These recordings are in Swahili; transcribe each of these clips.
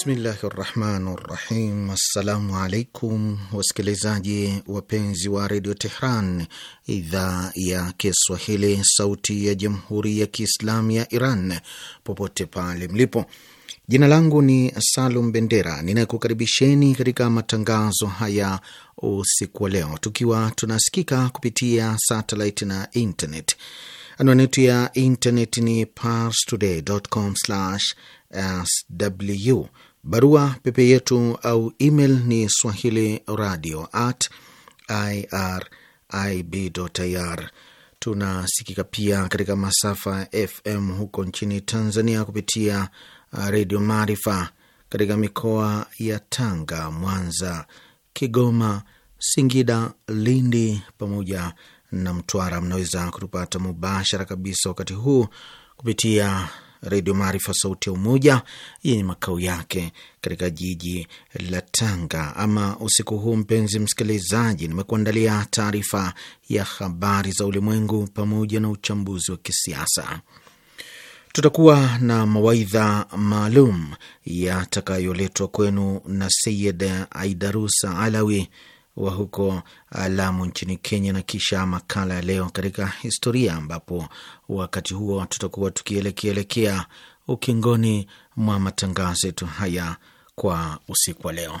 Bismillahi rahmani rahim. Assalamu alaikum wasikilizaji wapenzi wa redio Tehran, idhaa ya Kiswahili, sauti ya jamhuri ya kiislamu ya Iran, popote pale mlipo. Jina langu ni Salum Bendera, ninayekukaribisheni katika matangazo haya usiku wa leo, tukiwa tunasikika kupitia satellite na internet. Anwani yetu ya internet ni parstoday.com sw Barua pepe yetu au email ni swahili radio at irib.ir. Tunasikika pia katika masafa FM huko nchini Tanzania kupitia uh, Redio Maarifa katika mikoa ya Tanga, Mwanza, Kigoma, Singida, Lindi pamoja na Mtwara. Mnaweza kutupata mubashara kabisa wakati huu kupitia Redio Maarifa, sauti ya Umoja, yenye makao yake katika jiji la Tanga. Ama usiku huu, mpenzi msikilizaji, nimekuandalia taarifa ya habari za ulimwengu pamoja na uchambuzi wa kisiasa. Tutakuwa na mawaidha maalum yatakayoletwa kwenu na Sayid Aidarusa Alawi wa huko uh, Lamu nchini Kenya, na kisha makala ya leo katika historia, ambapo wakati huo tutakuwa tukielekeelekea ukingoni mwa matangazo yetu haya kwa usiku wa leo.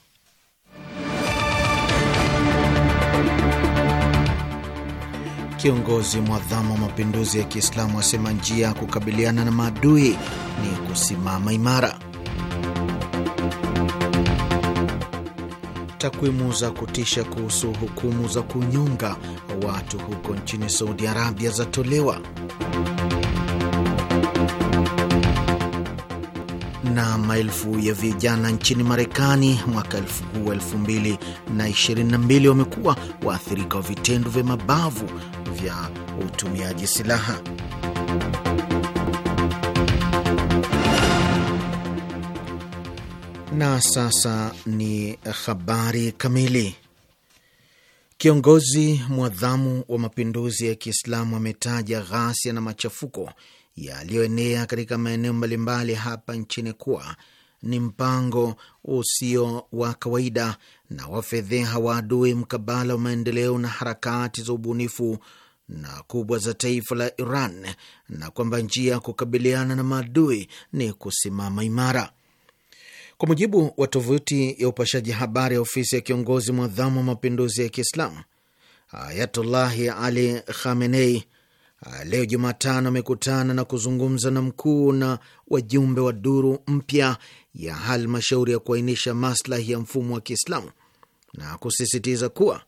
Kiongozi mwadhamu wa mapinduzi ya Kiislamu asema njia ya kukabiliana na maadui ni kusimama imara. Takwimu za kutisha kuhusu hukumu za kunyonga watu huko nchini Saudi Arabia zatolewa. na maelfu ya vijana nchini Marekani mwaka huu elfu mbili na ishirini na mbili wamekuwa waathirika wa vitendo vya mabavu vya utumiaji silaha. Na sasa ni habari kamili. Kiongozi mwadhamu wa mapinduzi ya Kiislamu ametaja ghasia na machafuko yaliyoenea katika maeneo mbalimbali hapa nchini kuwa ni mpango usio wa kawaida na wafedheha wa adui mkabala wa maendeleo na harakati za ubunifu na kubwa za taifa la Iran na kwamba njia ya kukabiliana na maadui ni kusimama imara. Kwa mujibu wa tovuti ya upashaji habari ya ofisi ya kiongozi mwadhamu wa mapinduzi ya Kiislamu Ayatullahi Ali Khamenei ah, leo Jumatano amekutana na kuzungumza na mkuu na wajumbe wa duru mpya ya halmashauri ya kuainisha maslahi ya mfumo wa Kiislamu na kusisitiza kuwa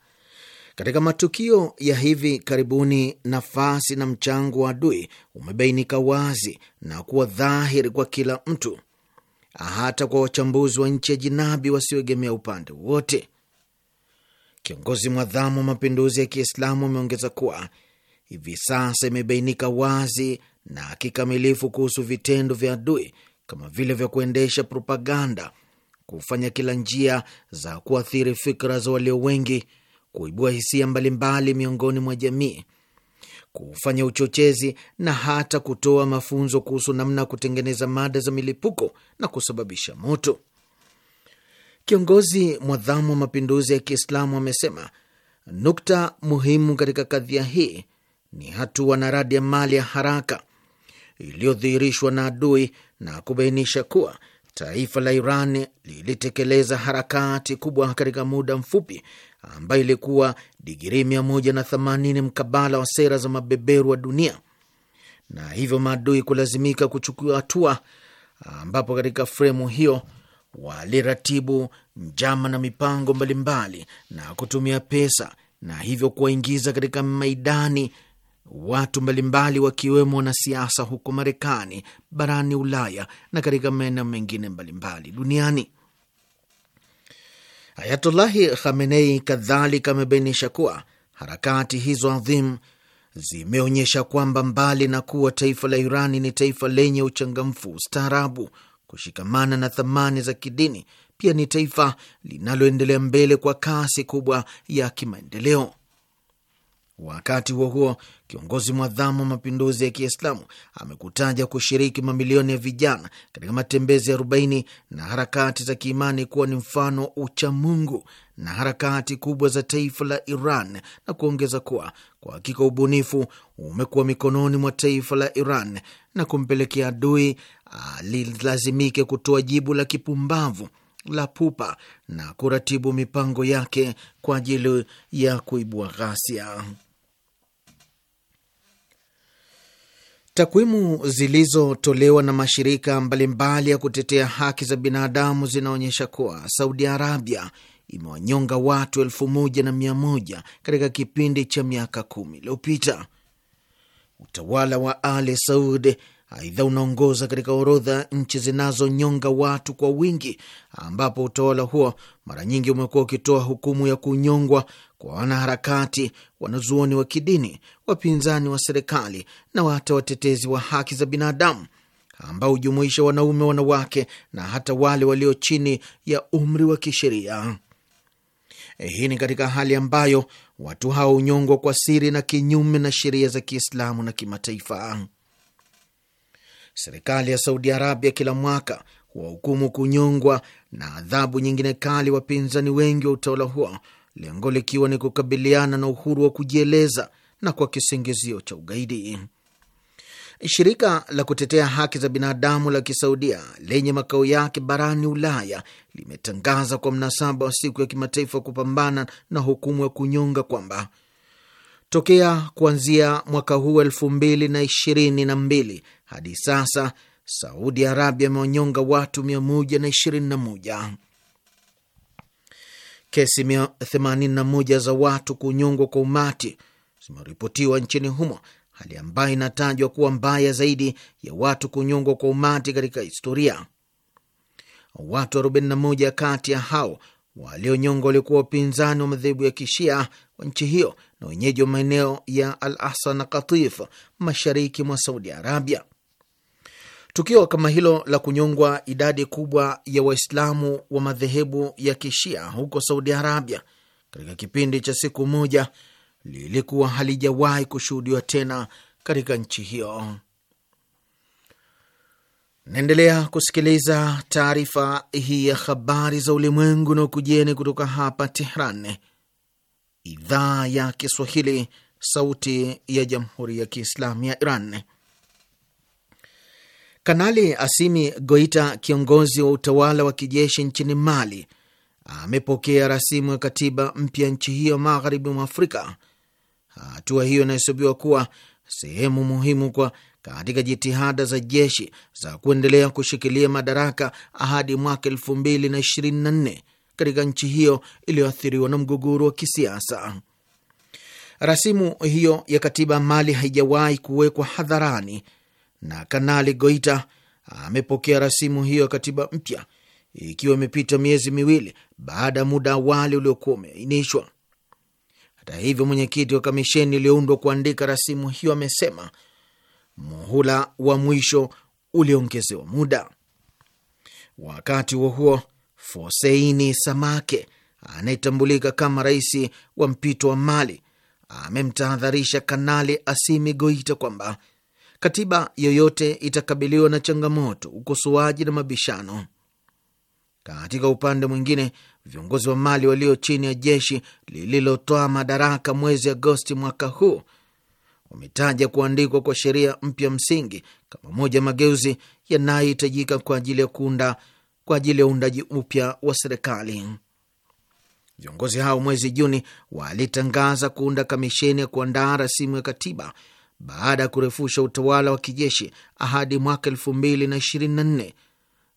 katika matukio ya hivi karibuni, nafasi na mchango wa adui umebainika wazi na kuwa dhahiri kwa kila mtu, hata kwa wachambuzi wa nchi ya jinabi wasioegemea upande wote. Kiongozi mwadhamu wa mapinduzi ya Kiislamu ameongeza kuwa hivi sasa imebainika wazi na kikamilifu kuhusu vitendo vya adui kama vile vya kuendesha propaganda, kufanya kila njia za kuathiri fikra za walio wengi kuibua hisia mbalimbali miongoni mwa jamii, kufanya uchochezi na hata kutoa mafunzo kuhusu namna ya kutengeneza mada za milipuko na kusababisha moto. Kiongozi mwadhamu wa mapinduzi ya Kiislamu amesema nukta muhimu katika kadhia hii ni hatua na radi ya mali ya haraka iliyodhihirishwa na adui na kubainisha kuwa taifa la Iran lilitekeleza harakati kubwa katika muda mfupi ambayo ilikuwa digirii 180 mkabala wa sera za mabeberu wa dunia, na hivyo maadui kulazimika kuchukua hatua, ambapo katika fremu hiyo waliratibu njama na mipango mbalimbali na kutumia pesa na hivyo kuwaingiza katika maidani watu mbalimbali wakiwemo wanasiasa huko Marekani, barani Ulaya na katika maeneo mengine mbalimbali duniani. Ayatullahi Khamenei kadhalika amebainisha kuwa harakati hizo adhim zimeonyesha kwamba mbali na kuwa taifa la Irani ni taifa lenye uchangamfu, ustaarabu, kushikamana na thamani za kidini, pia ni taifa linaloendelea mbele kwa kasi kubwa ya kimaendeleo. Wakati huo huo, kiongozi mwadhamu wa mapinduzi ya Kiislamu amekutaja kushiriki mamilioni ya vijana katika matembezi ya arobaini na harakati za kiimani kuwa ni mfano uchamungu na harakati kubwa za taifa la Iran na kuongeza kuwa kwa hakika ubunifu umekuwa mikononi mwa taifa la Iran na kumpelekea adui alilazimike kutoa jibu la kipumbavu la pupa na kuratibu mipango yake kwa ajili ya kuibua ghasia. Takwimu zilizotolewa na mashirika mbalimbali ya kutetea haki za binadamu zinaonyesha kuwa Saudi Arabia imewanyonga watu elfu moja na mia moja katika kipindi cha miaka kumi iliyopita. Utawala wa Ali Saud aidha unaongoza katika orodha nchi zinazonyonga watu kwa wingi, ambapo utawala huo mara nyingi umekuwa ukitoa hukumu ya kunyongwa kwa wanaharakati, wanazuoni wa kidini, wapinzani wa serikali na hata watetezi wa haki za binadamu ambao hujumuisha wanaume, wanawake na hata wale walio chini ya umri wa kisheria. Eh, hii ni katika hali ambayo watu hao hunyongwa kwa siri na kinyume na sheria za Kiislamu na kimataifa. Serikali ya Saudi Arabia kila mwaka huwahukumu kunyongwa na adhabu nyingine kali wapinzani wengi wa utawala huo lengo likiwa ni kukabiliana na uhuru wa kujieleza na kwa kisingizio cha ugaidi. Shirika la kutetea haki za binadamu la Kisaudia lenye makao yake barani Ulaya limetangaza kwa mnasaba wa siku ya kimataifa kupambana na hukumu ya kunyonga kwamba tokea kuanzia mwaka huu elfu mbili na ishirini na mbili hadi sasa Saudi Arabia imewanyonga watu mia moja na ishirini na moja kesi 81 za watu kunyongwa kwa umati zimeripotiwa nchini humo, hali ambayo inatajwa kuwa mbaya zaidi ya watu kunyongwa kwa umati katika historia. Watu 41 kati ya hao walionyongwa walikuwa wapinzani wa madhehebu ya kishia wa nchi hiyo na wenyeji wa maeneo ya Al Ahsa na Katif, mashariki mwa Saudi Arabia. Tukio kama hilo la kunyongwa idadi kubwa ya Waislamu wa madhehebu ya kishia huko Saudi Arabia katika kipindi cha siku moja lilikuwa halijawahi kushuhudiwa tena katika nchi hiyo. Naendelea kusikiliza taarifa hii ya habari za ulimwengu na ukujeni kutoka hapa Tehran, idhaa ya Kiswahili, sauti ya jamhuri ya kiislamu ya Iran. Kanali Asimi Goita, kiongozi wa utawala wa kijeshi nchini Mali, amepokea rasimu ya katiba mpya nchi hiyo magharibi mwa Afrika. Hatua hiyo inahesabiwa kuwa sehemu muhimu kwa katika jitihada za jeshi za kuendelea kushikilia madaraka hadi mwaka elfu mbili na ishirini na nne katika nchi hiyo iliyoathiriwa na mgogoro wa kisiasa. Rasimu hiyo ya katiba Mali haijawahi kuwekwa hadharani na Kanali Goita amepokea rasimu hiyo ya katiba mpya ikiwa imepita miezi miwili baada ya muda awali uliokuwa umeainishwa. Hata hivyo, mwenyekiti wa kamisheni iliyoundwa kuandika rasimu hiyo amesema muhula wa mwisho uliongezewa muda. Wakati huo huo, Foseini Samake anayetambulika kama rais wa mpito wa Mali amemtahadharisha Kanali Asimi Goita kwamba Katiba yoyote itakabiliwa na changamoto, ukosoaji na mabishano. Katika upande mwingine, viongozi wa Mali walio chini ya jeshi lililotoa madaraka mwezi Agosti mwaka huu wametaja kuandikwa kwa sheria mpya msingi kama moja ya mageuzi yanayohitajika kwa ajili ya kuunda kwa ajili ya uundaji upya wa serikali. Viongozi hao mwezi Juni walitangaza kuunda kamisheni ya kuandaa rasimu ya katiba baada ya kurefusha utawala wa kijeshi hadi mwaka elfu mbili na ishirini na nne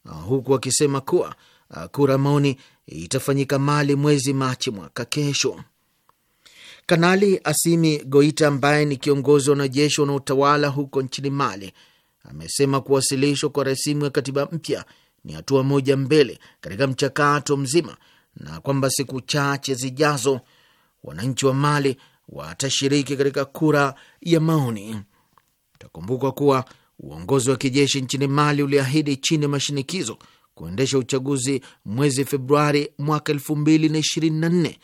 uh, huku wakisema kuwa uh, kura maoni itafanyika Mali mwezi Machi mwaka kesho. Kanali Asimi Goita ambaye ni kiongozi wa wanajeshi wanaotawala huko nchini Mali amesema kuwasilishwa kwa rasimu ya katiba mpya ni hatua moja mbele katika mchakato mzima na kwamba siku chache zijazo wananchi wa Mali watashiriki katika kura ya maoni. Utakumbuka kuwa uongozi wa kijeshi nchini Mali uliahidi chini ya mashinikizo kuendesha uchaguzi mwezi Februari mwaka elfu mbili na ishirini na nne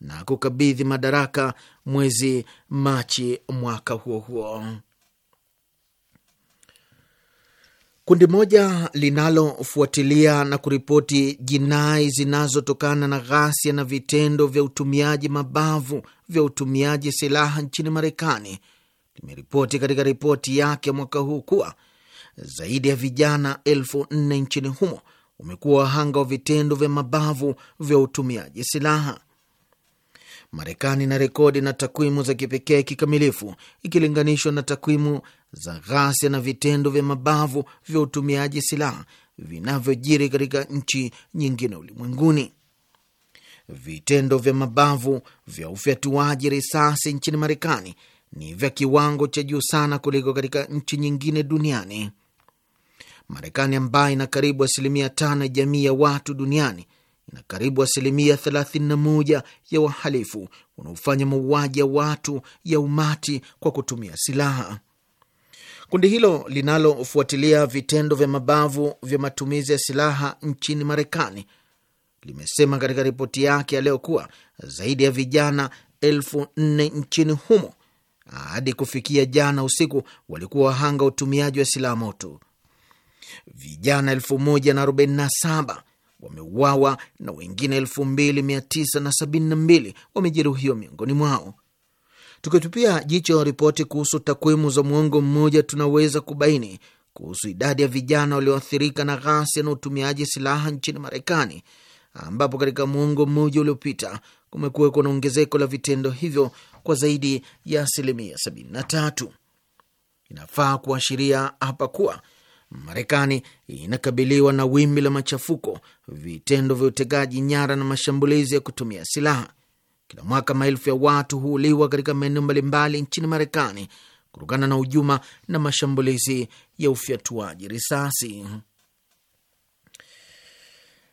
na kukabidhi madaraka mwezi Machi mwaka huo huo. Kundi moja linalofuatilia na kuripoti jinai zinazotokana na ghasia na vitendo vya utumiaji mabavu vya utumiaji silaha nchini Marekani limeripoti katika ripoti yake mwaka huu kuwa zaidi ya vijana elfu nne nchini humo wamekuwa wahanga wa vitendo vya mabavu vya utumiaji silaha. Marekani ina rekodi na takwimu za kipekee kikamilifu ikilinganishwa na takwimu za ghasia na vitendo vya mabavu vya utumiaji silaha vinavyojiri katika nchi nyingine ulimwenguni. Vitendo vya mabavu vya ufyatuaji risasi nchini Marekani ni vya kiwango cha juu sana kuliko katika nchi nyingine duniani. Marekani ambayo ina karibu asilimia tano ya jamii ya watu duniani na karibu asilimia 31 ya wahalifu wanaofanya mauaji ya watu ya umati kwa kutumia silaha. Kundi hilo linalofuatilia vitendo vya mabavu vya matumizi ya silaha nchini Marekani limesema katika ripoti yake ya leo kuwa zaidi ya vijana elfu nne nchini humo hadi kufikia jana usiku walikuwa wahanga utumiaji wa silaha moto. Vijana elfu moja na arobaini na saba wameuawa na wengine 2972 wamejeruhiwa miongoni mwao. Tukitupia jicho ripoti kuhusu takwimu za mwongo mmoja, tunaweza kubaini kuhusu idadi ya vijana walioathirika na ghasia na utumiaji silaha nchini Marekani, ambapo katika mwongo mmoja uliopita kumekuwekwa na ongezeko la vitendo hivyo kwa zaidi ya asilimia 73. Inafaa kuashiria hapa kuwa Marekani inakabiliwa na wimbi la machafuko, vitendo vya utekaji nyara na mashambulizi ya kutumia silaha. Kila mwaka maelfu ya watu huuliwa katika maeneo mbalimbali nchini Marekani kutokana na hujuma na mashambulizi ya ufyatuaji risasi.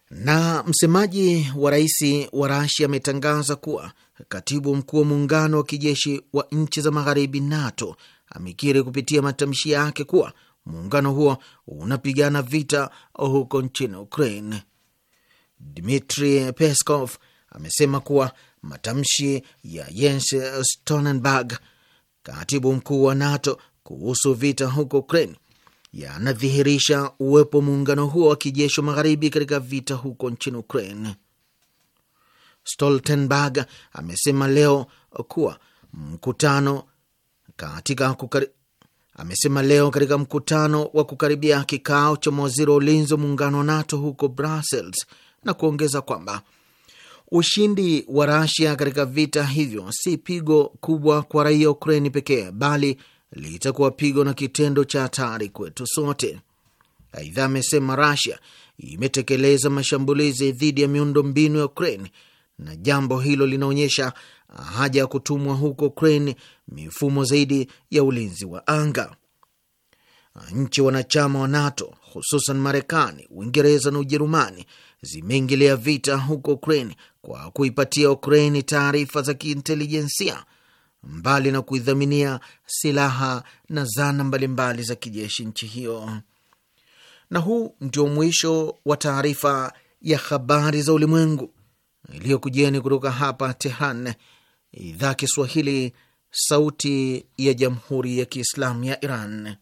Na msemaji wa rais wa Rasia ametangaza kuwa katibu mkuu wa muungano wa kijeshi wa nchi za magharibi NATO amekiri kupitia matamshi yake kuwa muungano huo unapigana vita huko nchini Ukraine. Dmitri Peskov amesema kuwa matamshi ya Jens Stoltenberg, katibu mkuu wa NATO, kuhusu vita huko Ukraine yanadhihirisha uwepo muungano huo wa kijeshi magharibi katika vita huko nchini Ukraine. Stoltenberg amesema leo kuwa mkutano katika kukari, amesema leo katika mkutano wa kukaribia kikao cha mawaziri wa ulinzi wa muungano wa NATO huko Brussels, na kuongeza kwamba ushindi wa Rasia katika vita hivyo si pigo kubwa kwa raia wa Ukraini pekee, bali litakuwa pigo na kitendo cha hatari kwetu sote. Aidha, amesema Rasia imetekeleza mashambulizi dhidi ya miundo mbinu ya Ukraine na jambo hilo linaonyesha haja ya kutumwa huko Ukraine mifumo zaidi ya ulinzi wa anga. Nchi wanachama wa NATO hususan Marekani, Uingereza na Ujerumani zimeingilia vita huko Ukraine kwa kuipatia Ukraine taarifa za kiintelijensia mbali na kuidhaminia silaha na zana mbalimbali mbali za kijeshi nchi hiyo. Na huu ndio mwisho wa taarifa ya habari za ulimwengu iliyokujeni kutoka hapa Tehran, idhaa Kiswahili, sauti ya jamhuri ya kiislamu ya Iran.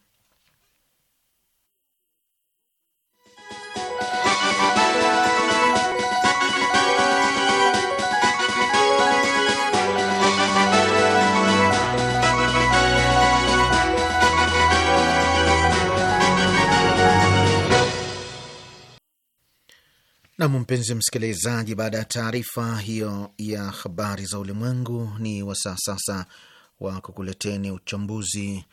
Nam, mpenzi msikilizaji, baada ya taarifa hiyo ya habari za ulimwengu, ni wasaa sasa wa kukuleteni uchambuzi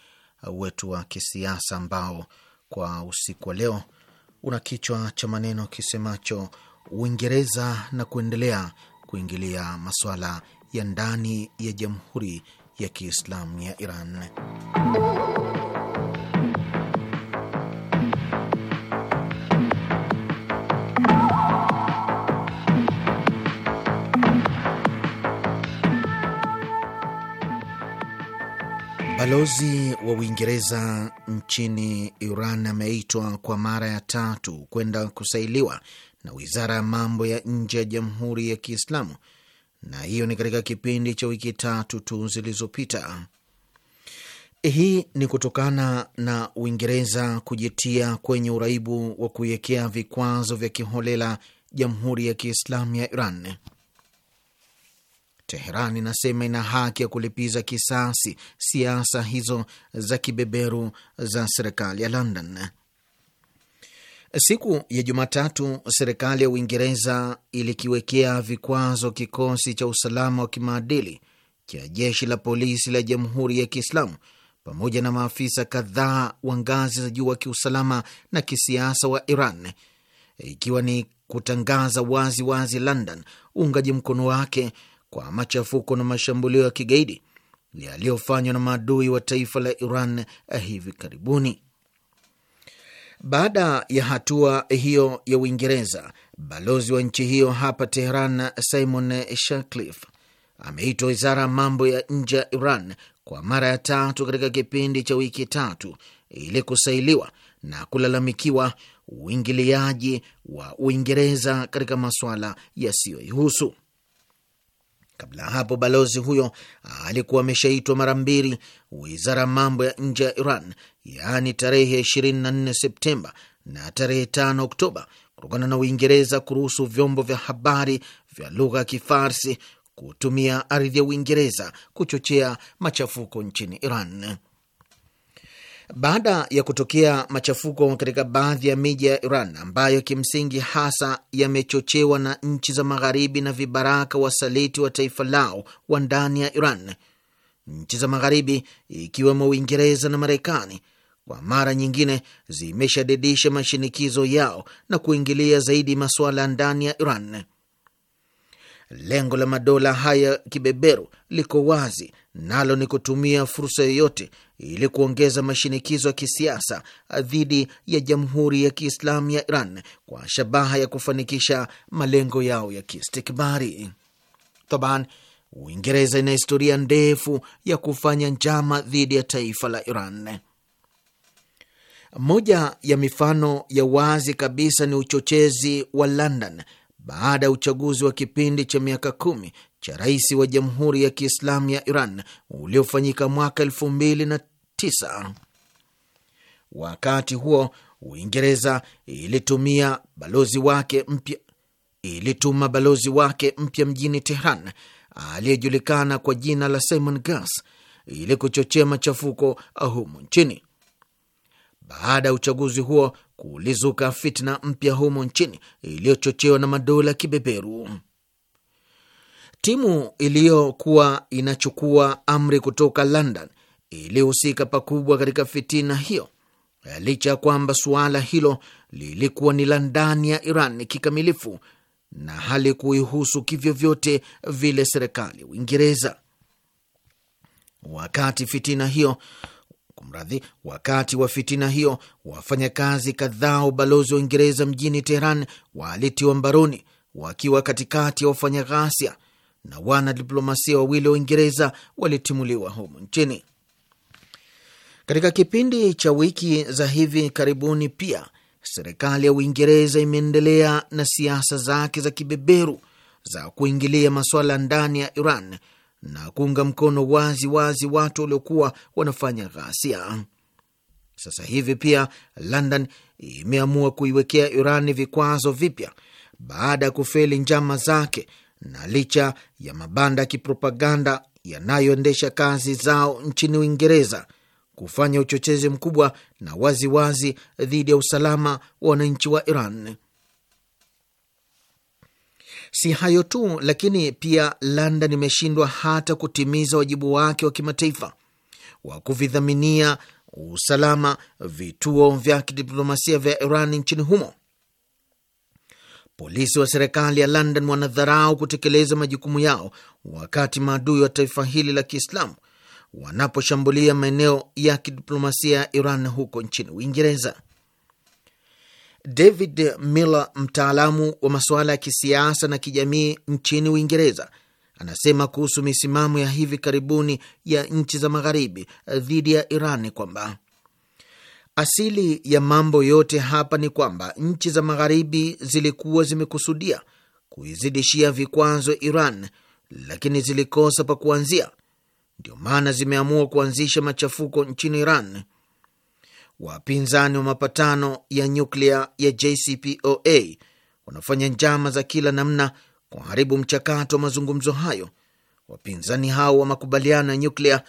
wetu wa kisiasa ambao kwa usiku wa leo una kichwa cha maneno kisemacho Uingereza na kuendelea kuingilia masuala ya ndani ya Jamhuri ya Kiislamu ya Iran. Balozi wa Uingereza nchini Iran ameitwa kwa mara ya tatu kwenda kusailiwa na wizara ya mambo ya nje ya Jamhuri ya Kiislamu, na hiyo ni katika kipindi cha wiki tatu tu zilizopita. Hii ni kutokana na Uingereza kujitia kwenye uraibu wa kuiwekea vikwazo vya kiholela Jamhuri ya Kiislamu ya Iran. Teheran inasema ina haki ya kulipiza kisasi siasa hizo za kibeberu za serikali ya London. Siku ya Jumatatu, serikali ya Uingereza ilikiwekea vikwazo kikosi cha usalama wa kimaadili cha jeshi la polisi la Jamhuri ya Kiislamu pamoja na maafisa kadhaa wa ngazi za juu wa kiusalama na kisiasa wa Iran, ikiwa ni kutangaza wazi wazi London uungaji mkono wake kwa machafuko na mashambulio ya kigaidi yaliyofanywa na maadui wa taifa la Iran hivi karibuni. Baada ya hatua hiyo ya Uingereza, balozi wa nchi hiyo hapa Teheran, Simon Sharcliffe, ameitwa wizara ya mambo ya nje ya Iran kwa mara ya tatu katika kipindi cha wiki tatu ili kusailiwa na kulalamikiwa uingiliaji wa Uingereza katika masuala yasiyoihusu. Kabla ya hapo balozi huyo alikuwa ameshaitwa mara mbili wizara ya mambo ya nje ya Iran, yaani tarehe 24 Septemba na tarehe 5 Oktoba, kutokana na Uingereza kuruhusu vyombo vya habari vya lugha ya Kifarsi kutumia ardhi ya Uingereza kuchochea machafuko nchini Iran. Baada ya kutokea machafuko katika baadhi ya miji ya Iran ambayo kimsingi hasa yamechochewa na nchi za Magharibi na vibaraka wasaliti wa taifa lao wa ndani ya Iran, nchi za Magharibi ikiwemo Uingereza na Marekani kwa mara nyingine zimeshadidisha mashinikizo yao na kuingilia zaidi masuala ya ndani ya Iran. Lengo la madola haya kibeberu liko wazi nalo ni kutumia fursa yoyote ili kuongeza mashinikizo ya kisiasa dhidi ya Jamhuri ya Kiislamu ya Iran kwa shabaha ya kufanikisha malengo yao ya kiistikbari. Taban, Uingereza ina historia ndefu ya kufanya njama dhidi ya taifa la Iran. Moja ya mifano ya wazi kabisa ni uchochezi wa London baada ya uchaguzi wa kipindi cha miaka kumi cha rais wa Jamhuri ya Kiislamu ya Iran uliofanyika mwaka elfu mbili na tisa. Wakati huo Uingereza ilitumia balozi wake mpya ilituma balozi wake mpya mjini Tehran aliyejulikana kwa jina la Simon Gas ili kuchochea machafuko humu nchini baada ya uchaguzi huo kulizuka fitna mpya humo nchini iliyochochewa na madola kibeberu. Timu iliyokuwa inachukua amri kutoka London ilihusika pakubwa katika fitina hiyo, licha ya kwamba suala hilo lilikuwa ni la ndani ya Iran kikamilifu na halikuihusu kivyovyote vile serikali ya Uingereza. Wakati fitina hiyo kumradhi. Wakati wa fitina hiyo, wafanyakazi kadhaa wa ubalozi wa Uingereza mjini Teheran walitiwa mbaroni wakiwa katikati ya wafanya ghasia na wanadiplomasia wawili wa Uingereza walitimuliwa humu nchini. Katika kipindi cha wiki za hivi karibuni, pia serikali ya Uingereza imeendelea na siasa zake za kibeberu za kuingilia masuala ndani ya Iran na kuunga mkono wazi wazi watu waliokuwa wanafanya ghasia. Sasa hivi pia London imeamua kuiwekea Irani vikwazo vipya baada ya kufeli njama zake, na licha ya mabanda ya kipropaganda yanayoendesha kazi zao nchini Uingereza kufanya uchochezi mkubwa na waziwazi dhidi ya usalama wa wananchi wa Iran. Si hayo tu, lakini pia London imeshindwa hata kutimiza wajibu wake wa kimataifa wa kuvidhaminia usalama vituo vya kidiplomasia vya Iran nchini humo. Polisi wa serikali ya London wanadharau kutekeleza majukumu yao wakati maadui wa taifa hili la Kiislamu wanaposhambulia maeneo ya kidiplomasia ya Iran huko nchini Uingereza. David Miller, mtaalamu wa masuala ya kisiasa na kijamii nchini Uingereza, anasema kuhusu misimamo ya hivi karibuni ya nchi za magharibi dhidi ya Iran kwamba asili ya mambo yote hapa ni kwamba nchi za magharibi zilikuwa zimekusudia kuizidishia vikwazo Iran, lakini zilikosa pa kuanzia. Ndio maana zimeamua kuanzisha machafuko nchini Iran. Wapinzani wa mapatano ya nyuklia ya JCPOA wanafanya njama za kila namna kuharibu mchakato wa mazungumzo hayo. Wapinzani hao wa makubaliano ya nyuklia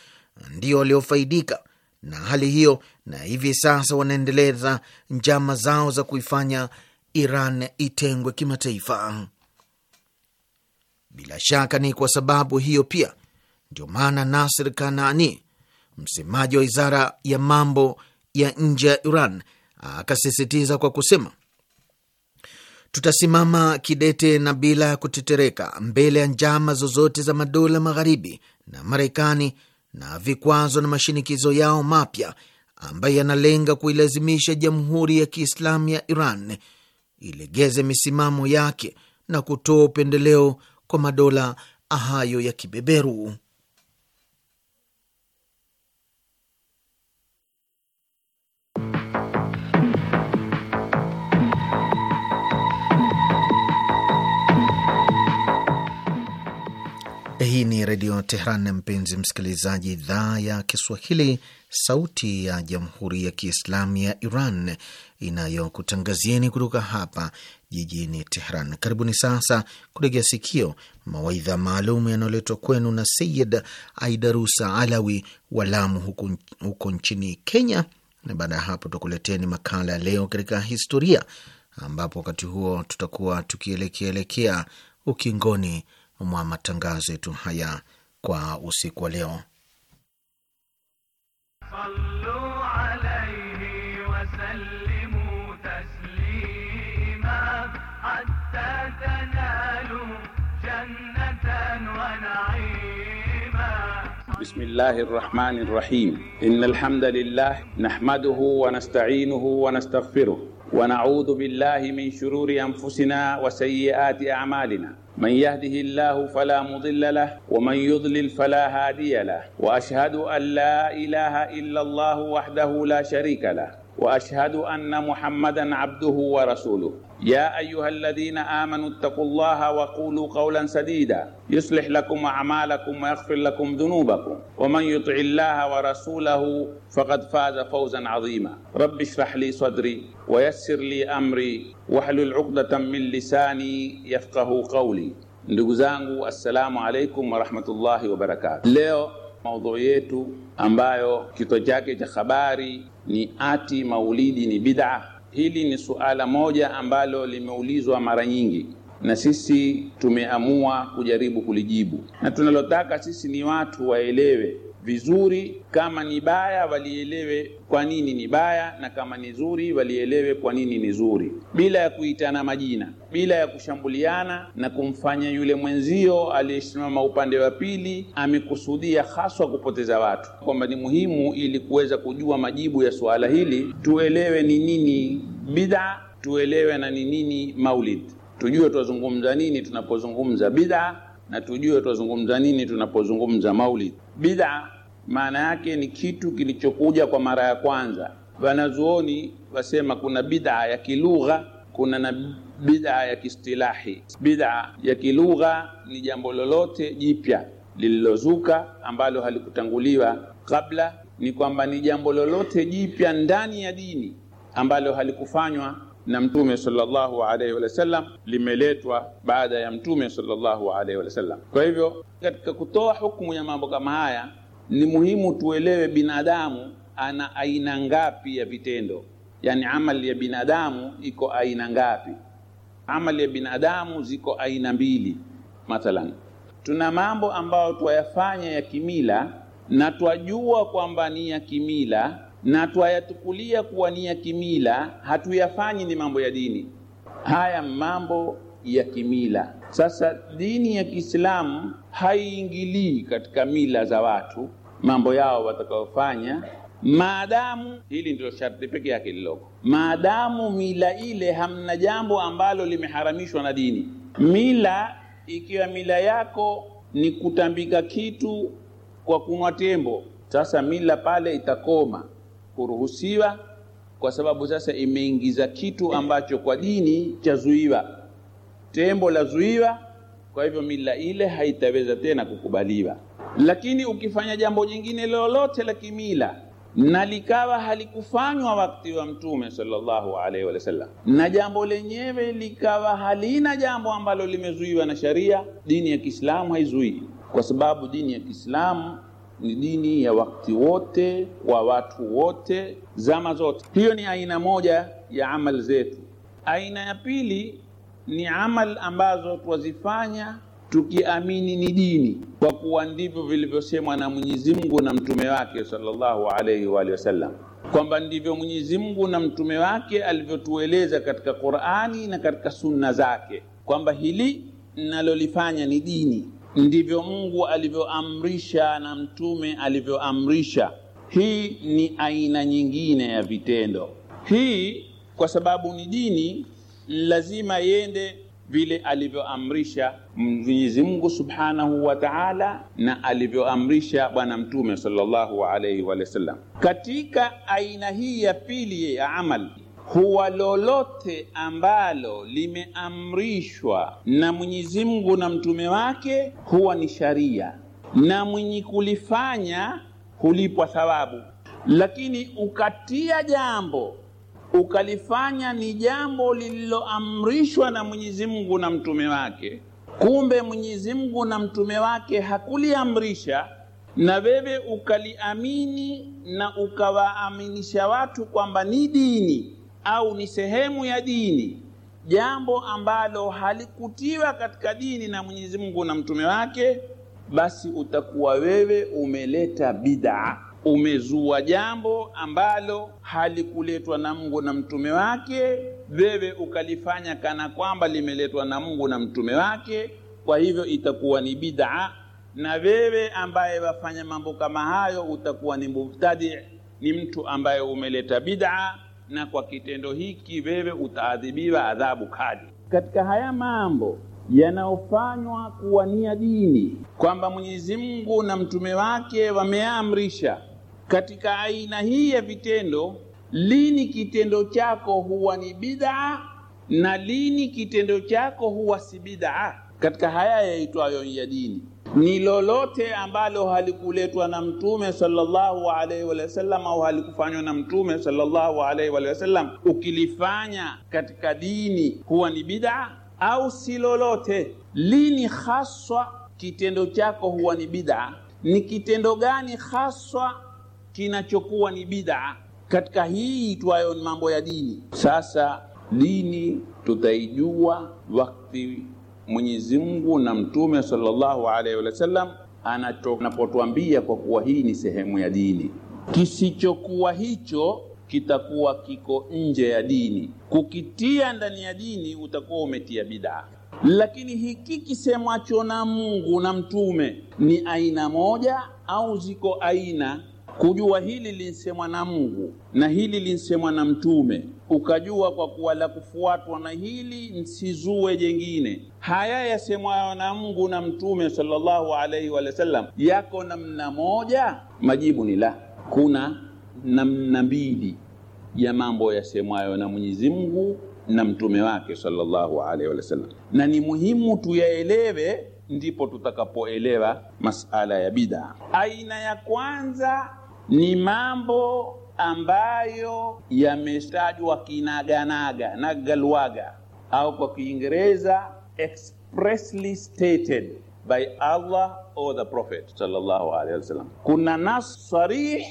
ndio waliofaidika na hali hiyo, na hivi sasa wanaendeleza njama zao za kuifanya Iran itengwe kimataifa. Bila shaka ni kwa sababu hiyo pia ndio maana Nasir kanani msemaji wa wizara ya mambo ya nje ya Iran, akasisitiza kwa kusema tutasimama kidete na bila ya kutetereka mbele ya njama zozote za madola magharibi na Marekani na vikwazo na mashinikizo yao mapya ambayo yanalenga kuilazimisha Jamhuri ya Kiislamu ya Iran ilegeze misimamo yake na kutoa upendeleo kwa madola hayo ya kibeberu. Hii ni Redio Tehran, mpenzi msikilizaji, idhaa ya Kiswahili, sauti ya Jamhuri ya Kiislamu ya Iran inayokutangazieni kutoka hapa jijini Tehran. Karibuni sasa kuregea sikio mawaidha maalum yanayoletwa kwenu na Sayid Aidarusa Alawi wa Lamu huko, huko nchini Kenya, na baada ya hapo tutakuleteni makala ya leo katika historia, ambapo wakati huo tutakuwa tukielekeelekea ukingoni mwa matangazo yetu haya kwa usiku wa leo. بسم الله الرحمن الرحيم إن الحمد لله نحمده ونستعينه ونستغفره ونعوذ بالله من شرور أنفسنا وسيئات أعمالنا من يهده الله فلا مضل له ومن يضلل فلا هادي له واشهد ان لا اله الا الله وحده لا شريك له واشهد ان محمدا عبده ورسوله يا ايها الذين امنوا اتقوا الله وقولوا قولا سديدا يصلح لكم اعمالكم ويغفر لكم ذنوبكم ومن يطع الله ورسوله فقد فاز فوزا عظيما رب اشرح لي صدري ويسر لي امري واحلل عقده من لساني يفقه قولي ndugu السلام عليكم ورحمه الله وبركاته leo maudhui yetu ambayo kichwa chake cha habari ni ati maulidi ni bid'a? Hili ni suala moja ambalo limeulizwa mara nyingi na sisi tumeamua kujaribu kulijibu, na tunalotaka sisi ni watu waelewe vizuri. Kama ni baya walielewe kwa nini ni baya, na kama ni zuri walielewe kwa nini ni zuri, bila ya kuitana majina bila ya kushambuliana na kumfanya yule mwenzio aliyesimama upande wa pili amekusudia haswa kupoteza watu, kwamba ni muhimu ili kuweza kujua majibu ya suala hili, tuelewe ni nini bidha, tuelewe na ni nini maulid, tujue twazungumza nini tunapozungumza bidha na tujue twazungumza nini tunapozungumza maulid. Bidha maana yake ni kitu kilichokuja kwa mara ya kwanza. Wanazuoni wasema kuna bidhaa ya kilugha, kuna na bid'a ya kistilahi. Bid'a ya kilugha ni jambo lolote jipya lililozuka ambalo halikutanguliwa kabla, ni kwamba ni jambo lolote jipya ndani ya dini ambalo halikufanywa na Mtume sallallahu alaihi wasallam, limeletwa baada ya Mtume sallallahu alaihi wasallam. Kwa hivyo katika kutoa hukumu ya mambo kama haya ni muhimu tuelewe binadamu ana aina ngapi ya vitendo, yani amali ya binadamu iko aina ngapi? amali ya binadamu ziko aina mbili. Mathalan, tuna mambo ambayo twayafanya ya kimila na twajua kwamba ni ya kimila na twayatukulia kuwa ni ya kimila, hatuyafanyi ni mambo ya dini. Haya mambo ya kimila. Sasa dini ya Kiislamu haiingilii katika mila za watu, mambo yao watakayofanya Maadamu hili ndilo sharti peke yake liloko, maadamu mila ile hamna jambo ambalo limeharamishwa na dini. Mila ikiwa mila yako ni kutambika kitu kwa kunwa tembo, sasa mila pale itakoma kuruhusiwa, kwa sababu sasa imeingiza kitu ambacho kwa dini chazuiwa. Tembo lazuiwa, kwa hivyo mila ile haitaweza tena kukubaliwa. Lakini ukifanya jambo jingine lolote la kimila na likawa halikufanywa wakati wa Mtume sallallahu alaihi sallam, na jambo lenyewe likawa halina jambo ambalo limezuiwa na sharia. Dini ya Kiislamu haizuii, kwa sababu dini ya Kiislamu ni dini ya wakati wote wa watu wote zama zote. Hiyo ni aina moja ya amal zetu. Aina ya pili ni amal ambazo twazifanya tukiamini ni dini, kwa kuwa ndivyo vilivyosemwa na Mwenyezi Mungu na mtume wake sallallahu alaihi wa sallam, kwamba ndivyo Mwenyezi Mungu na mtume wake alivyotueleza katika Qur'ani na katika sunna zake kwamba hili nalolifanya ni dini, ndivyo Mungu alivyoamrisha na mtume alivyoamrisha. Hii ni aina nyingine ya vitendo. Hii kwa sababu ni dini, lazima yende vile alivyoamrisha Mwenyezi Mungu Subhanahu wa Ta'ala na alivyoamrisha Bwana Mtume sallallahu alayhi wa sallam. Katika aina hii ya pili ya amali huwa lolote ambalo limeamrishwa na Mwenyezi Mungu na mtume wake huwa ni sharia, na mwenye kulifanya hulipwa thawabu. Lakini ukatia jambo ukalifanya ni jambo lililoamrishwa na Mwenyezi Mungu na mtume wake, Kumbe Mwenyezi Mungu na mtume wake hakuliamrisha na wewe ukaliamini na ukawaaminisha watu kwamba ni dini au ni sehemu ya dini, jambo ambalo halikutiwa katika dini na Mwenyezi Mungu na mtume wake, basi utakuwa wewe umeleta bid'a umezua jambo ambalo halikuletwa na Mungu na mtume wake, wewe ukalifanya kana kwamba limeletwa na Mungu na mtume wake, kwa hivyo itakuwa ni bid'a, na wewe ambaye wafanya mambo kama hayo utakuwa ni mubtadi, ni mtu ambaye umeleta bid'a, na kwa kitendo hiki wewe utaadhibiwa adhabu kali. Katika haya mambo yanayofanywa kuwania dini, kwamba Mwenyezi Mungu na mtume wake wameamrisha katika aina hii ya vitendo, lini kitendo chako huwa ni bidhaa na lini kitendo chako huwa si bidhaa Katika haya yaitwayo ya dini ni lolote ambalo halikuletwa na Mtume sallallahu alaihi wa sallam au halikufanywa na Mtume sallallahu alaihi wa sallam, ukilifanya katika dini huwa ni bidhaa au si lolote. Lini haswa kitendo chako huwa ni bidhaa Ni kitendo gani haswa kinachokuwa ni bidhaa katika hii itwayo ni mambo ya dini. Sasa dini tutaijua wakati Mwenyezi Mungu na Mtume sallallahu alaihi wasallam anapotuambia kwa kuwa hii ni sehemu ya dini. Kisichokuwa hicho kitakuwa kiko nje ya dini. Kukitia ndani ya dini utakuwa umetia bidhaa Lakini hiki kisemwacho na Mungu na Mtume ni aina moja au ziko aina kujua hili linsemwa na Mungu na hili linsemwa na mtume, ukajua kwa kuwa la kufuatwa na hili msizue jengine. Haya yasemwayo na Mungu na mtume sallallahu alaihi wa sallam yako namna moja? Majibu ni la. Kuna namna mbili ya mambo yasemwayo na Mwenyezi Mungu na mtume wake sallallahu alaihi wa sallam, na ni muhimu tuyaelewe ndipo tutakapoelewa masala ya bidaa. Aina ya kwanza ni mambo ambayo yametajwa kinaganaga galwaga au kwa kiingereza expressly stated by allah or the prophet sallallahu alaihi wasallam kuna nas sarih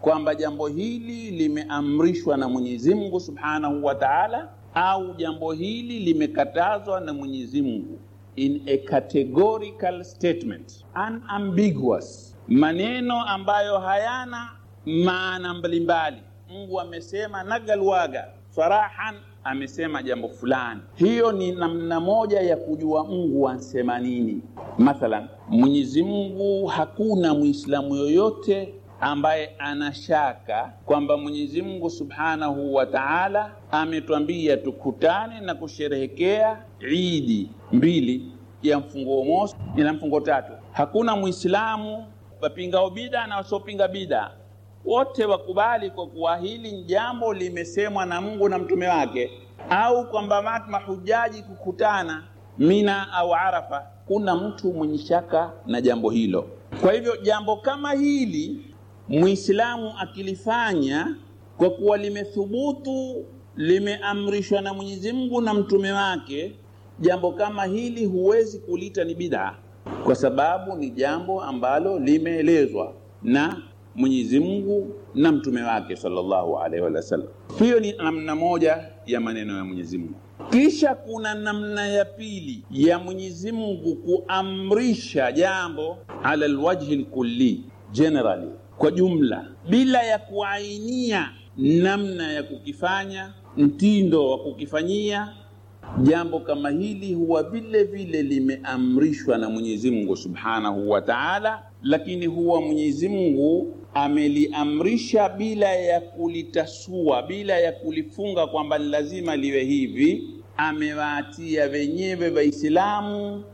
kwamba jambo hili limeamrishwa na mwenyezi mungu subhanahu wa taala au jambo hili limekatazwa na mwenyezi mungu in a categorical statement unambiguous maneno ambayo hayana maana mbalimbali. Mungu amesema nagalwaga farahan, amesema jambo fulani. Hiyo ni namna moja ya kujua Mungu ansema nini. Mathalan, Mwenyezi Mungu, hakuna mwislamu yoyote ambaye anashaka kwamba Mwenyezi Mungu Subhanahu wa Ta'ala ametwambia tukutane na kusherehekea Idi mbili ya mfungo mosi na mfungo tatu. Hakuna mwislamu wapingao ubida na wasiopinga bida wote wakubali kwa kuwa hili jambo limesemwa na Mungu na mtume wake, au kwamba watu mahujaji kukutana Mina au Arafa, kuna mtu mwenye shaka na jambo hilo. Kwa hivyo jambo kama hili Muislamu akilifanya kwa kuwa limethubutu, limeamrishwa na Mwenyezi Mungu na mtume wake, jambo kama hili huwezi kulita ni bidhaa kwa sababu ni jambo ambalo limeelezwa na Mwenyezi Mungu na mtume wake sallallahu alaihi sallam. Hiyo ni namna moja ya maneno ya Mwenyezi Mungu. Kisha kuna namna ya pili ya Mwenyezi Mungu kuamrisha jambo ala alwajhi alkulli, generally, kwa jumla, bila ya kuainia namna ya kukifanya, mtindo wa kukifanyia Jambo kama hili huwa vile vile limeamrishwa na Mwenyezi Mungu Subhanahu wa Ta'ala, lakini huwa Mwenyezi Mungu ameliamrisha bila ya kulitasua, bila ya kulifunga kwamba lazima liwe hivi. Amewaatia wenyewe Waislamu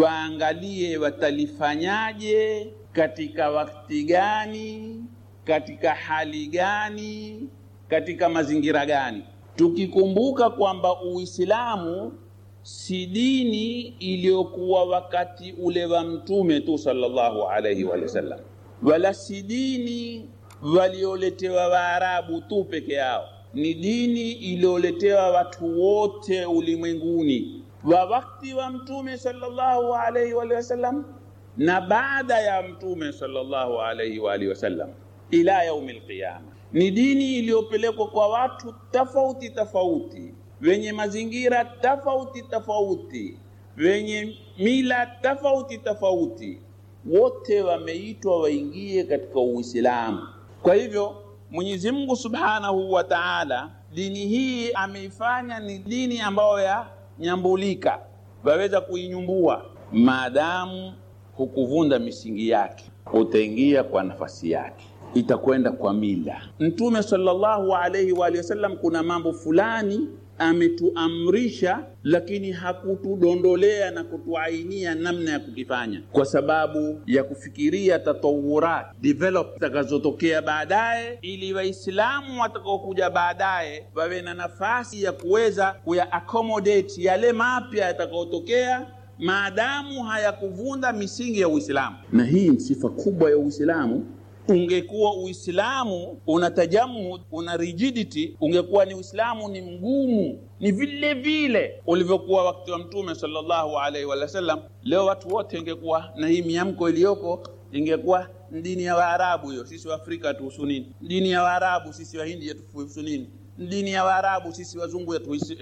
waangalie watalifanyaje, katika wakati gani, katika hali gani, katika mazingira gani tukikumbuka kwamba Uislamu si dini iliyokuwa wakati ule wa mtume tu sallallahu alaihi sallam, wala si dini walioletewa Waarabu tu peke yao, ni dini iliyoletewa watu wote ulimwenguni wa wakati wa mtume sallallahu alaihi wasallam na baada ya mtume sallallahu alaihi wasallam ila yaumil qiyama ni dini iliyopelekwa kwa watu tofauti tofauti, wenye mazingira tofauti tofauti, wenye mila tofauti tofauti, wote wameitwa waingie katika Uislamu. Kwa hivyo Mwenyezi Mungu Subhanahu wa Ta'ala, dini hii ameifanya ni dini ambayo ya nyambulika, waweza kuinyumbua maadamu hukuvunda misingi yake, utaingia kwa nafasi yake itakwenda kwa mila. Mtume sallallahu alayhi wa sallam, kuna mambo fulani ametuamrisha, lakini hakutudondolea na kutuainia namna ya kukifanya, kwa sababu ya kufikiria tatawurat develop zitakazotokea baadaye, ili Waislamu watakaokuja baadaye wawe na nafasi ya kuweza kuya accommodate yale mapya yatakaotokea maadamu hayakuvunda misingi ya Uislamu. Na hii ni sifa kubwa ya Uislamu Ungekuwa Uislamu una tajamud, una rigidity, ungekuwa ni Uislamu ni mgumu, ni vile vile ulivyokuwa wakati wa Mtume sallallahu alaihi wa sallam. Leo watu wote ingekuwa na hii miamko iliyoko, ingekuwa dini ya Waarabu hiyo. Sisi Waafrika tuhusu nini? Dini ya Waarabu sisi Wahindi yatuhusu nini? Dini ya Waarabu sisi Wazungu yatuhusu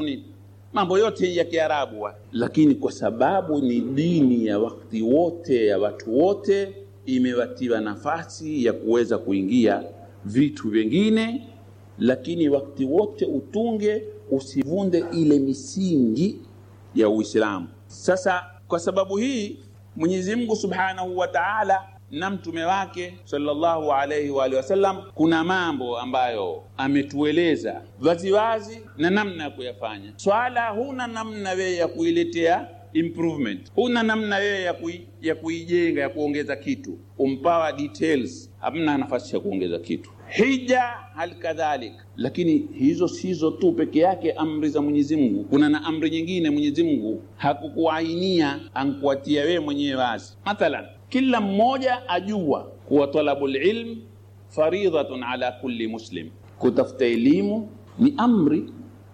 eh, nini? mambo yote ya Kiarabu, lakini kwa sababu ni dini ya wakati wote ya watu wote imewatiwa nafasi ya kuweza kuingia vitu vingine, lakini wakati wote utunge, usivunde ile misingi ya Uislamu. Sasa kwa sababu hii Mwenyezi Mungu Subhanahu wa Ta'ala na mtume wake sallallahu alayhi wa alihi wasallam, kuna mambo ambayo ametueleza waziwazi na namna ya kuyafanya. Swala huna namna wewe ya kuiletea improvement. Huna namna yeye ya, kui, ya kuijenga ya kuongeza kitu, umpawa details, hamna nafasi ya kuongeza kitu. Hija halikadhalika, lakini hizo sizo tu peke yake amri za Mwenyezi Mungu. Kuna na amri nyingine Mwenyezi Mungu hakukuainia, ankuatia wewe mwenyewe wazi. Mathalan, kila mmoja ajua kuwa talabul ilm faridhatun ala kulli muslim, kutafuta elimu ni amri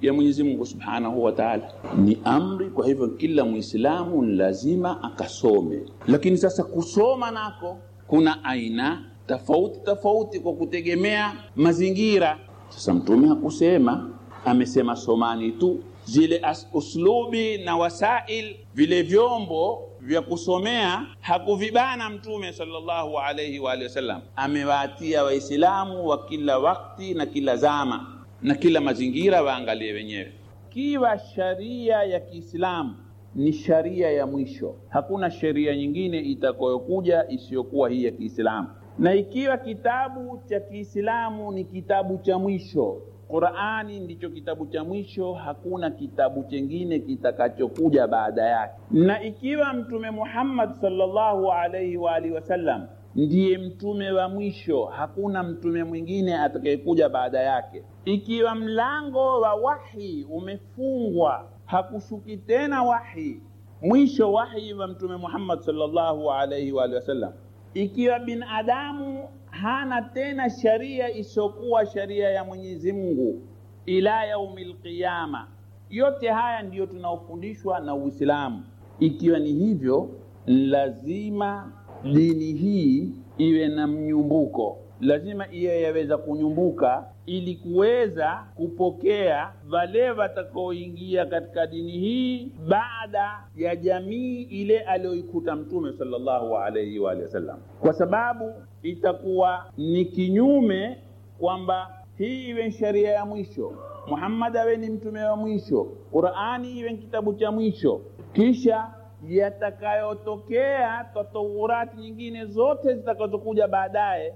ya Mwenyezi Mungu Subhanahu wa Ta'ala. Ni amri, kwa hivyo kila Muislamu lazima akasome. Lakini sasa kusoma nako kuna aina tofauti tofauti kwa kutegemea mazingira. Sasa Mtume hakusema, amesema somani tu. Zile uslubi na wasail, vile vyombo vya kusomea hakuvibana Mtume sallallahu alayhi wa alihi wasallam, amewaatia Waislamu wa kila wakati na kila zama na kila mazingira waangalie wenyewe. Kiwa sharia ya Kiislamu ni sharia ya mwisho, hakuna sheria nyingine itakayokuja isiyokuwa hii ya Kiislamu. Na ikiwa kitabu cha Kiislamu ni kitabu cha mwisho, Qurani ndicho kitabu cha mwisho, hakuna kitabu chengine kitakachokuja baada yake. Na ikiwa Mtume Muhammad sallallahu alaihi wa alihi wasallam ndiye mtume wa mwisho, hakuna mtume mwingine atakayekuja baada yake. Ikiwa mlango wa wahi umefungwa, hakushuki tena wahi, mwisho wahi wa Mtume Muhammad sallallahu alaihi wa alihi wasallam. Ikiwa binadamu hana tena sharia isiyokuwa sharia ya Mwenyezi Mungu ila yaumil qiyama. Yote haya ndiyo tunaofundishwa na Uislamu. Ikiwa ni hivyo, lazima Mm. dini hii iwe na mnyumbuko lazima iye yaweza kunyumbuka ili kuweza kupokea wale watakaoingia katika dini hii baada ya jamii ile aliyoikuta mtume sallallahu alaihi wa wasallam, kwa sababu itakuwa ni kinyume kwamba hii iwe sheria ya mwisho muhammad awe ni mtume wa mwisho qurani iwe kitabu cha mwisho kisha yatakayotokea tatawurati nyingine zote zitakazokuja baadaye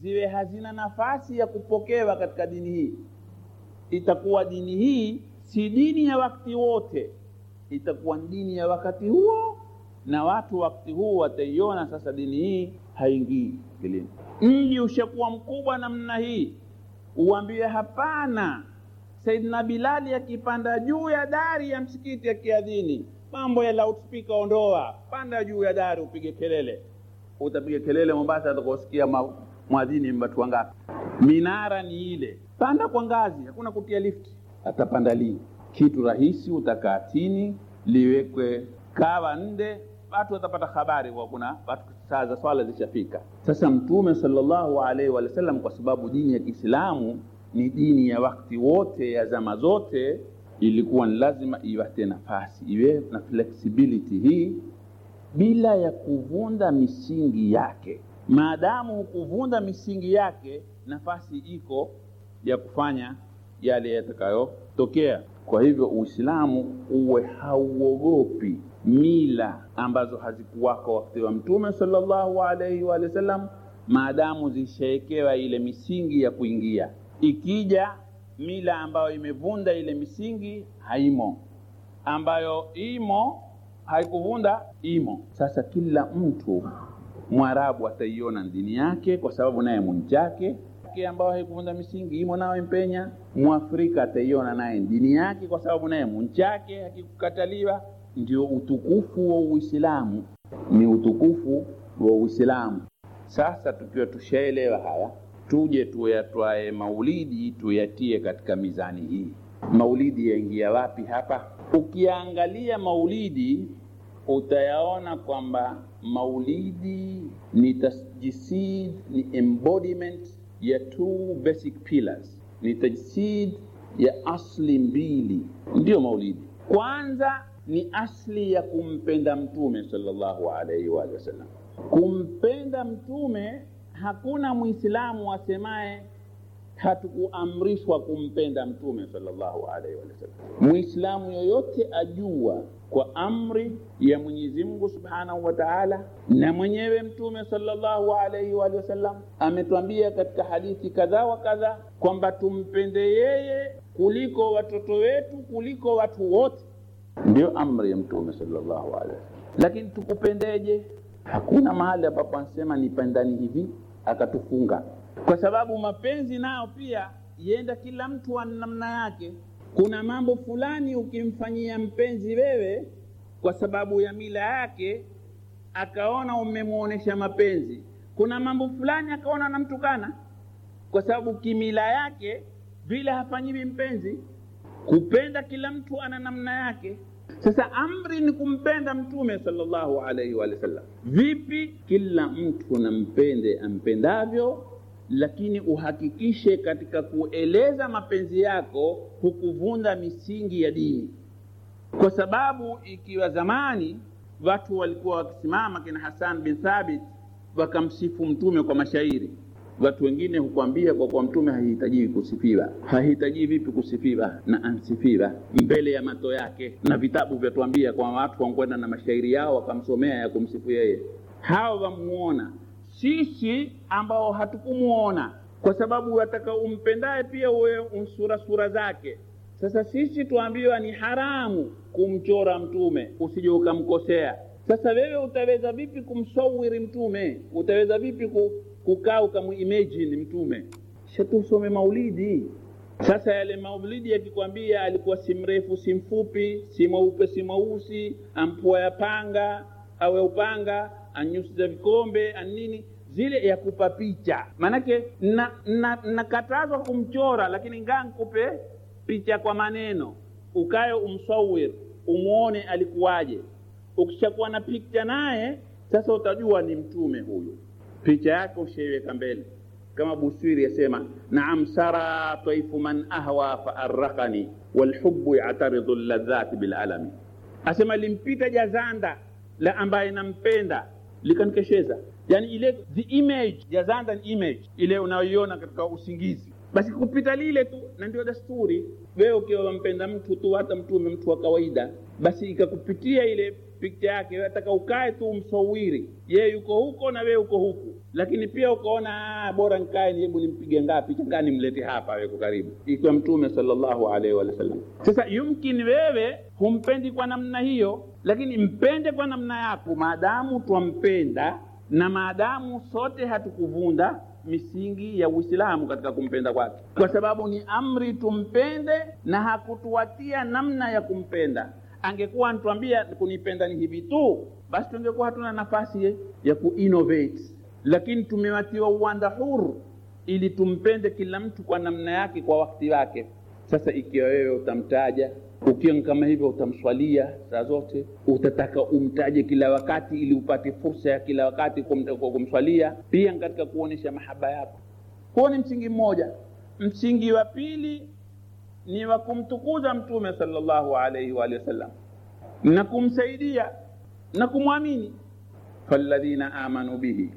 ziwe hazina nafasi ya kupokewa katika dini hii. Itakuwa dini hii si dini ya wakati wote, itakuwa ni dini ya wakati huo, na watu wakati huo wataiona sasa dini hii haingii kilini. Mji ushakuwa mkubwa namna hii, uambie hapana. Saidina Bilali akipanda juu ya dari ya msikiti akiadhini mambo ya loudspeaker ondoa, panda juu ya dari upige kelele. Utapiga kelele Mombasa, atakosikia mwadhini mbatu wangapi? Minara ni ile, panda kwa ngazi, hakuna kutia lift. Atapanda lini? Kitu rahisi, utakaa chini, liwekwe kawa nde, watu watapata habari kwa kuna watu, saa za swala zishafika. Sasa Mtume sallallahu alaihi wasallam, kwa sababu dini ya Kiislamu ni dini ya wakati wote, ya zama zote ilikuwa ni lazima iwate nafasi iwe na flexibility hii bila ya kuvunda misingi yake. Maadamu hukuvunda misingi yake, nafasi iko ya kufanya yale yatakayotokea. Kwa hivyo Uislamu uwe hauogopi mila ambazo hazikuwako wakati wa Mtume sallallahu alaihi wa sallam, maadamu zishaekewa ile misingi ya kuingia ikija mila ambayo imevunda ile misingi haimo, ambayo imo haikuvunda imo. Sasa kila mtu Mwarabu ataiona dini yake, kwa sababu naye munchake ambayo haikuvunda misingi imo nayo mpenya Mwafrika ataiona naye dini yake, kwa sababu naye munchake akikukataliwa Ndio utukufu wa Uislamu, ni utukufu wa Uislamu. Sasa tukiwa tushaelewa haya tuje tuyatwae maulidi tuyatie katika mizani hii. Maulidi yaingia wapi hapa? Ukiangalia maulidi utayaona kwamba maulidi ni tajsid, ni embodiment ya two basic pillars, ni tajsid ya asli mbili, ndiyo maulidi. Kwanza ni asli ya kumpenda Mtume sallallahu alaihi wa sallam, kumpenda Mtume hakuna Muislamu asemaye hatukuamrishwa kumpenda Mtume sallallahu alaihi wasallam. Muislamu yoyote ajua kwa amri ya Mwenyezi Mungu subhanahu wa taala, na mwenyewe Mtume sallallahu alaihi wa sallam ametwambia katika hadithi kadha wa kadha kwamba tumpende yeye kuliko watoto wetu, kuliko watu wote. Ndiyo amri ya Mtume sallallahu alaihi Lakini tukupendeje? Hakuna mahali ambapo anasema nipendani hivi akatufunga, kwa sababu mapenzi nayo pia yenda kila mtu ana namna yake. Kuna mambo fulani ukimfanyia mpenzi wewe kwa sababu ya mila yake akaona umemwonyesha mapenzi, kuna mambo fulani akaona anamtukana kwa sababu kimila yake vile hafanyiwi mpenzi. Kupenda kila mtu ana namna yake. Sasa amri ni kumpenda Mtume sallallahu alaihi wa sallam. Vipi? Kila mtu nampende ampendavyo, lakini uhakikishe katika kueleza mapenzi yako hukuvunja misingi ya dini, kwa sababu ikiwa zamani watu walikuwa wakisimama kina Hasan bin Thabit wakamsifu Mtume kwa mashairi Watu wengine hukwambia kwa kuwa mtume hahitajiwi kusifiwa. Hahitaji vipi kusifiwa? Na ansifiwa mbele ya mato yake, na vitabu vyatuambia kwa watu wankwenda na mashairi yao wakamsomea ya kumsifu yeye. Hawa wamuona, sisi ambao hatukumuona, kwa sababu wataka umpendaye pia uwe unsura sura zake. Sasa sisi tuambiwa ni haramu kumchora mtume, usije ukamkosea. Sasa wewe utaweza vipi kumsawiri mtume? Utaweza vipi ku kukaa ukamuimagine mtume shatusome maulidi sasa yale maulidi yakikwambia alikuwa si mrefu si mfupi si mweupe si mweusi ampua ya panga awe upanga anyusi za vikombe anini zile yakupa picha maanake nakatazwa na, na kumchora lakini ngaa nkupe picha kwa maneno ukaye umsawir umwone alikuwaje ukishakuwa na pikcha naye sasa utajua ni mtume huyu picha yake ushaiweka mbele kama buswiri yasema naam sara taifu man ahwa arraqani walhubu yataridhu ladhati bilalami asema limpita jazanda la ambaye nampenda likanikesheza yani ile the image jazanda ni image ile unayoiona katika usingizi basi kupita lile tu na ndio dasturi wewe ukiwa wampenda mtu tu hata mtume mtu wa kawaida basi ikakupitia ile picha yake, ataka ukae tu umsawiri, yeye yuko huko na wewe uko huku, lakini pia ukaona ah, bora nikae, hebu nimpige ngaa picha ngaa nimlete hapa aweko karibu, ikiwa Mtume sallallahu alaihi wasallam. Sasa yumkin wewe humpendi kwa namna hiyo, lakini mpende kwa namna yako, maadamu twampenda na maadamu sote hatukuvunda misingi ya Uislamu katika kumpenda kwake, kwa sababu ni amri tumpende, na hakutuwatia namna ya kumpenda. Angekuwa anatuambia kunipenda ni hivi tu, basi tungekuwa hatuna nafasi ye, ya kuinnovate, lakini tumewatiwa uwanda huru ili tumpende kila mtu kwa namna yake, kwa wakati wake. Sasa ikiwa wewe utamtaja ukiwa kama hivyo, utamswalia saa zote, utataka umtaje kila wakati, ili upate fursa ya kila wakati kumswalia, pia katika kuonyesha mahaba yako. Huo ni msingi mmoja. Msingi wa pili ni wa kumtukuza mtume sallallahu alaihi wa sallam na kumsaidia na kumwamini falladhina amanu bihi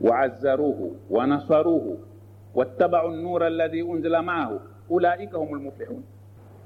waazzaruhu wanasaruhu wattabau nnura alladhi unzila maahu ulaika humu lmuflihun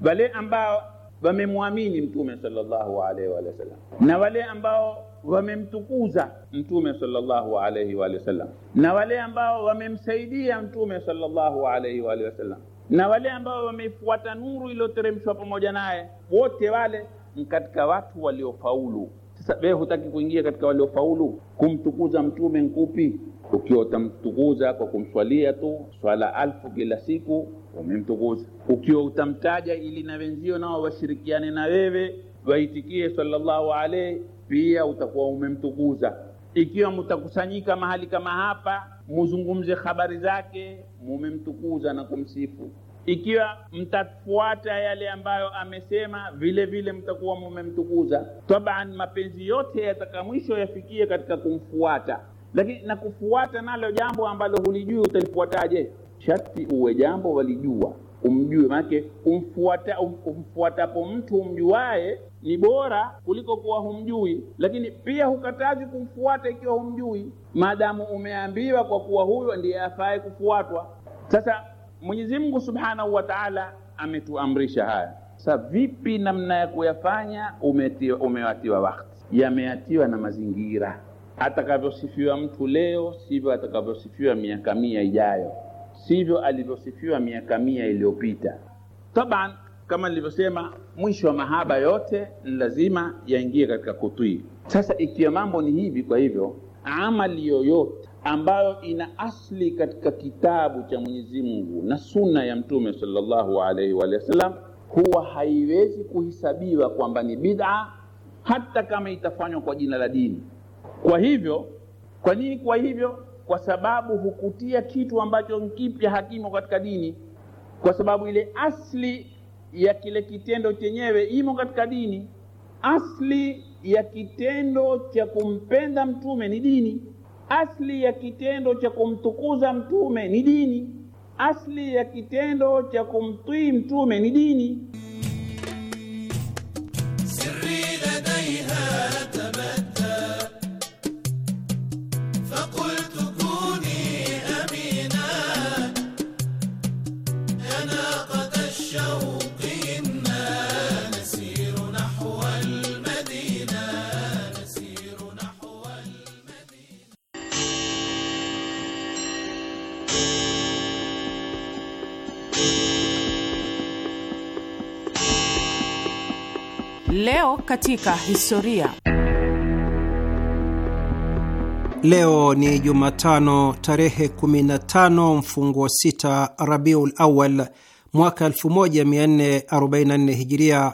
wale ambao wamemwamini mtume sallallahu alaihi wa sallam na wale ambao wamemtukuza mtume sallallahu alaihi wa sallam na wale ambao wamemsaidia mtume sallallahu alaihi wa sallam na wale ambao wamefuata nuru iliyoteremshwa pamoja naye, wote wale ni katika watu waliofaulu. Sasa wewe hutaki kuingia katika waliofaulu? Kumtukuza mtume nkupi? Ukiwa utamtukuza kwa kumswalia tu swala alfu kila siku, umemtukuza. Ukiwa utamtaja ili na wenzio nao washirikiane na wewe waitikie sallallahu alaihi, pia utakuwa umemtukuza. Ikiwa mtakusanyika mahali kama hapa, muzungumze habari zake, mumemtukuza na kumsifu ikiwa mtafuata yale ambayo amesema, vile vile mtakuwa mumemtukuza. Taban, mapenzi yote yataka mwisho yafikie katika kumfuata, lakini na kufuata nalo jambo ambalo hulijui utalifuataje? Sharti uwe jambo walijua, umjue. Maanake umfuata um, umfuatapo mtu umjuaye ni bora kuliko kuwa humjui, lakini pia hukatazi kumfuata ikiwa humjui, maadamu umeambiwa kwa kuwa huyo ndiye afaye kufuatwa. Sasa Mwenyezi Mungu Subhanahu wa Ta'ala ametuamrisha haya. Sa vipi namna ya kuyafanya? Umetiwa, umewatiwa wakati, yameatiwa na mazingira. Atakavyosifiwa mtu leo sivyo atakavyosifiwa miaka mia ijayo, sivyo alivyosifiwa miaka mia iliyopita. Taban, kama nilivyosema, mwisho wa mahaba yote ni lazima yaingie katika kutii. Sasa ikiwa mambo ni hivi, kwa hivyo amali yoyote ambayo ina asli katika kitabu cha Mwenyezi Mungu na sunna ya Mtume sallallahu alaihi wa sallam, huwa haiwezi kuhisabiwa kwamba ni bid'a hata kama itafanywa kwa jina la dini. Kwa hivyo, kwa nini? Kwa hivyo, kwa sababu hukutia kitu ambacho kipya hakimo katika dini, kwa sababu ile asli ya kile kitendo chenyewe imo katika dini. Asli ya kitendo cha kumpenda mtume ni dini Asli ya kitendo cha kumtukuza mtume ni dini, asli ya kitendo cha kumtii mtume ni dini. Leo katika historia. Leo ni Jumatano tarehe 15 mfunguo sita Rabiul Awal mwaka 1444 Hijiria,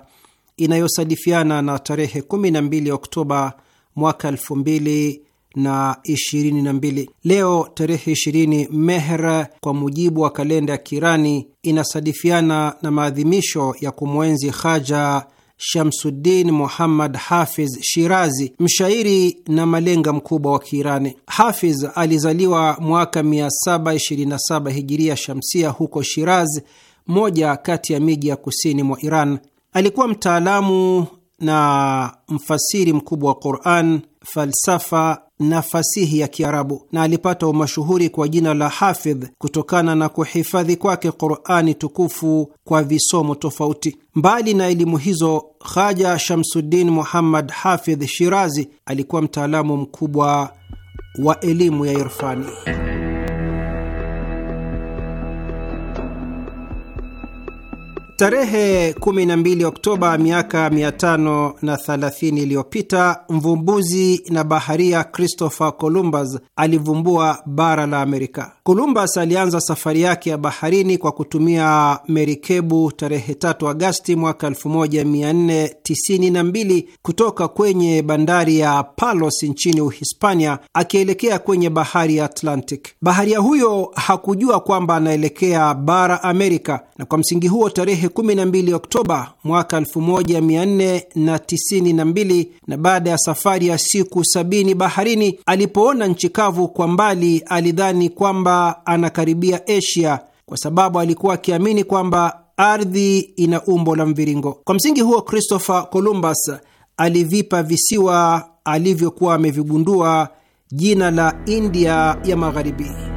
inayosadifiana na tarehe 12 Oktoba mwaka 2022. Leo tarehe 20 Mehr kwa mujibu wa kalenda ya Kirani inasadifiana na maadhimisho ya kumwenzi haja Shamsuddin Muhammad Hafiz Shirazi, mshairi na malenga mkubwa wa Kiirani. Hafiz alizaliwa mwaka 727 hijiria shamsia huko Shiraz, moja kati ya miji ya kusini mwa Iran. Alikuwa mtaalamu na mfasiri mkubwa wa Quran, falsafa na fasihi ya Kiarabu, na alipata umashuhuri kwa jina la Hafidh kutokana na kuhifadhi kwake Qurani tukufu kwa visomo tofauti. Mbali na elimu hizo, Khaja Shamsuddin Muhammad Hafidh Shirazi alikuwa mtaalamu mkubwa wa elimu ya irfani. Tarehe 12 Oktoba miaka 530 iliyopita mvumbuzi na baharia Christopher Columbus alivumbua bara la Amerika. Columbus alianza safari yake ya baharini kwa kutumia merikebu tarehe 3 Agasti mwaka 1492 kutoka kwenye bandari ya Palos nchini Uhispania akielekea kwenye bahari ya Atlantic. Baharia huyo hakujua kwamba anaelekea bara Amerika, na kwa msingi huo tarehe 12 Oktoba mwaka 1492 na baada ya safari ya siku sabini baharini, alipoona nchi kavu kwa mbali, alidhani kwamba anakaribia Asia kwa sababu alikuwa akiamini kwamba ardhi ina umbo la mviringo. Kwa msingi huo, Christopher Columbus alivipa visiwa alivyokuwa amevigundua jina la India ya Magharibi.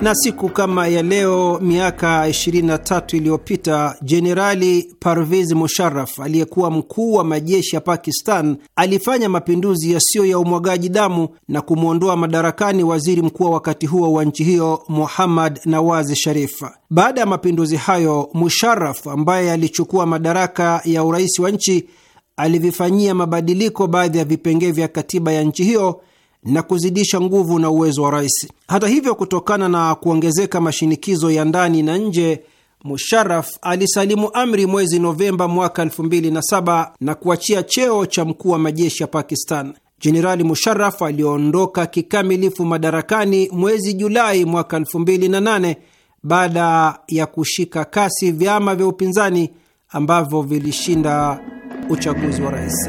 Na siku kama ya leo miaka 23 iliyopita Jenerali Parvez Musharraf aliyekuwa mkuu wa majeshi ya Pakistan alifanya mapinduzi yasiyo ya umwagaji damu na kumwondoa madarakani waziri mkuu wa wakati huo wa nchi hiyo Muhammad Nawaz Sharif. Baada ya mapinduzi hayo, Musharraf ambaye alichukua madaraka ya urais wa nchi alivifanyia mabadiliko baadhi ya vipengee vya katiba ya nchi hiyo na kuzidisha nguvu na uwezo wa rais. Hata hivyo, kutokana na kuongezeka mashinikizo ya ndani na nje, Musharaf alisalimu amri mwezi Novemba mwaka 2007 na kuachia cheo cha mkuu wa majeshi ya Pakistan. Jenerali Musharaf aliondoka kikamilifu madarakani mwezi Julai mwaka 2008 baada ya kushika kasi vyama vya upinzani ambavyo vilishinda uchaguzi wa rais.